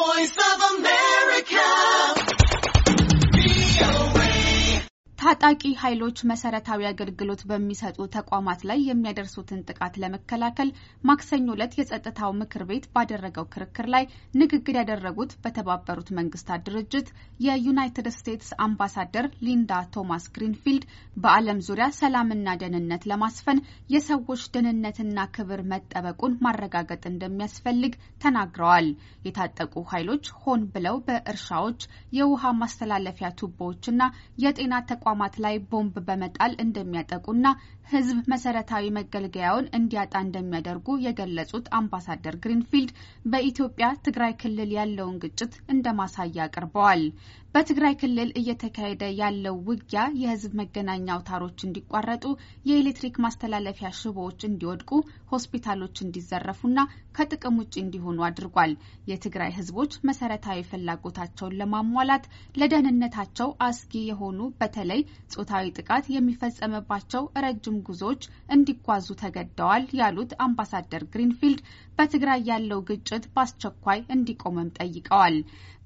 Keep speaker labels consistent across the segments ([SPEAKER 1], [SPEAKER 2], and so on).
[SPEAKER 1] voice ታጣቂ ኃይሎች መሰረታዊ አገልግሎት በሚሰጡ ተቋማት ላይ የሚያደርሱትን ጥቃት ለመከላከል ማክሰኞ ዕለት የጸጥታው ምክር ቤት ባደረገው ክርክር ላይ ንግግር ያደረጉት በተባበሩት መንግስታት ድርጅት የዩናይትድ ስቴትስ አምባሳደር ሊንዳ ቶማስ ግሪንፊልድ በዓለም ዙሪያ ሰላምና ደህንነት ለማስፈን የሰዎች ደህንነትና ክብር መጠበቁን ማረጋገጥ እንደሚያስፈልግ ተናግረዋል። የታጠቁ ኃይሎች ሆን ብለው በእርሻዎች የውሃ ማስተላለፊያ ቱቦዎችና የጤና ተቋማ ተቋማት ላይ ቦምብ በመጣል እንደሚያጠቁና ሕዝብ መሰረታዊ መገልገያውን እንዲያጣ እንደሚያደርጉ የገለጹት አምባሳደር ግሪንፊልድ በኢትዮጵያ ትግራይ ክልል ያለውን ግጭት እንደ ማሳያ አቅርበዋል። በትግራይ ክልል እየተካሄደ ያለው ውጊያ የሕዝብ መገናኛ አውታሮች እንዲቋረጡ፣ የኤሌክትሪክ ማስተላለፊያ ሽቦዎች እንዲወድቁ፣ ሆስፒታሎች እንዲዘረፉና ከጥቅም ውጭ እንዲሆኑ አድርጓል። የትግራይ ሕዝቦች መሰረታዊ ፍላጎታቸውን ለማሟላት ለደህንነታቸው አስጊ የሆኑ በተለይ ጾታዊ ጥቃት የሚፈጸምባቸው ረጅም ጉዞዎች እንዲጓዙ ተገደዋል ያሉት አምባሳደር ግሪንፊልድ በትግራይ ያለው ግጭት በአስቸኳይ እንዲቆምም ጠይቀዋል።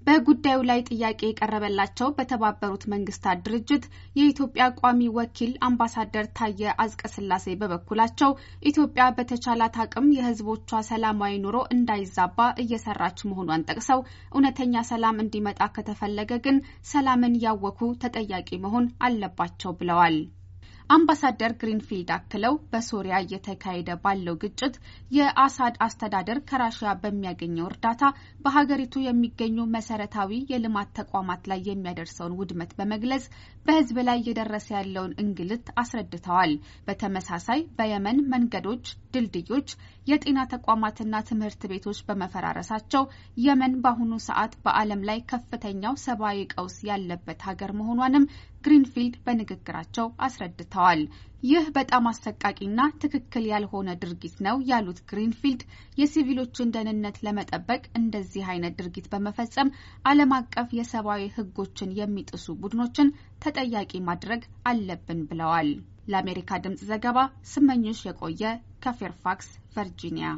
[SPEAKER 1] በጉዳዩ ላይ ጥያቄ የቀረበላቸው በተባበሩት መንግስታት ድርጅት የኢትዮጵያ ቋሚ ወኪል አምባሳደር ታየ አዝቀስላሴ በበኩላቸው ኢትዮጵያ በተቻላት አቅም የሕዝቦቿ ሰላማዊ ኑሮ እንዳይዛባ እየሰራች መሆኗን ጠቅሰው እውነተኛ ሰላም እንዲመጣ ከተፈለገ ግን ሰላምን ያወኩ ተጠያቂ መሆን አለባቸው ብለዋል። አምባሳደር ግሪንፊልድ አክለው በሶሪያ እየተካሄደ ባለው ግጭት የአሳድ አስተዳደር ከራሽያ በሚያገኘው እርዳታ በሀገሪቱ የሚገኙ መሰረታዊ የልማት ተቋማት ላይ የሚያደርሰውን ውድመት በመግለጽ በሕዝብ ላይ እየደረሰ ያለውን እንግልት አስረድተዋል። በተመሳሳይ በየመን መንገዶች፣ ድልድዮች፣ የጤና ተቋማትና ትምህርት ቤቶች በመፈራረሳቸው የመን በአሁኑ ሰዓት በዓለም ላይ ከፍተኛው ሰብአዊ ቀውስ ያለበት ሀገር መሆኗንም ግሪንፊልድ በንግግራቸው አስረድተዋል። ይህ በጣም አሰቃቂና ትክክል ያልሆነ ድርጊት ነው ያሉት ግሪንፊልድ የሲቪሎችን ደህንነት ለመጠበቅ እንደዚህ አይነት ድርጊት በመፈጸም ዓለም አቀፍ የሰብአዊ ሕጎችን የሚጥሱ ቡድኖችን ተጠያቂ ማድረግ አለብን ብለዋል። ለአሜሪካ ድምጽ ዘገባ ስመኞሽ የቆየ ከፌርፋክስ ቨርጂኒያ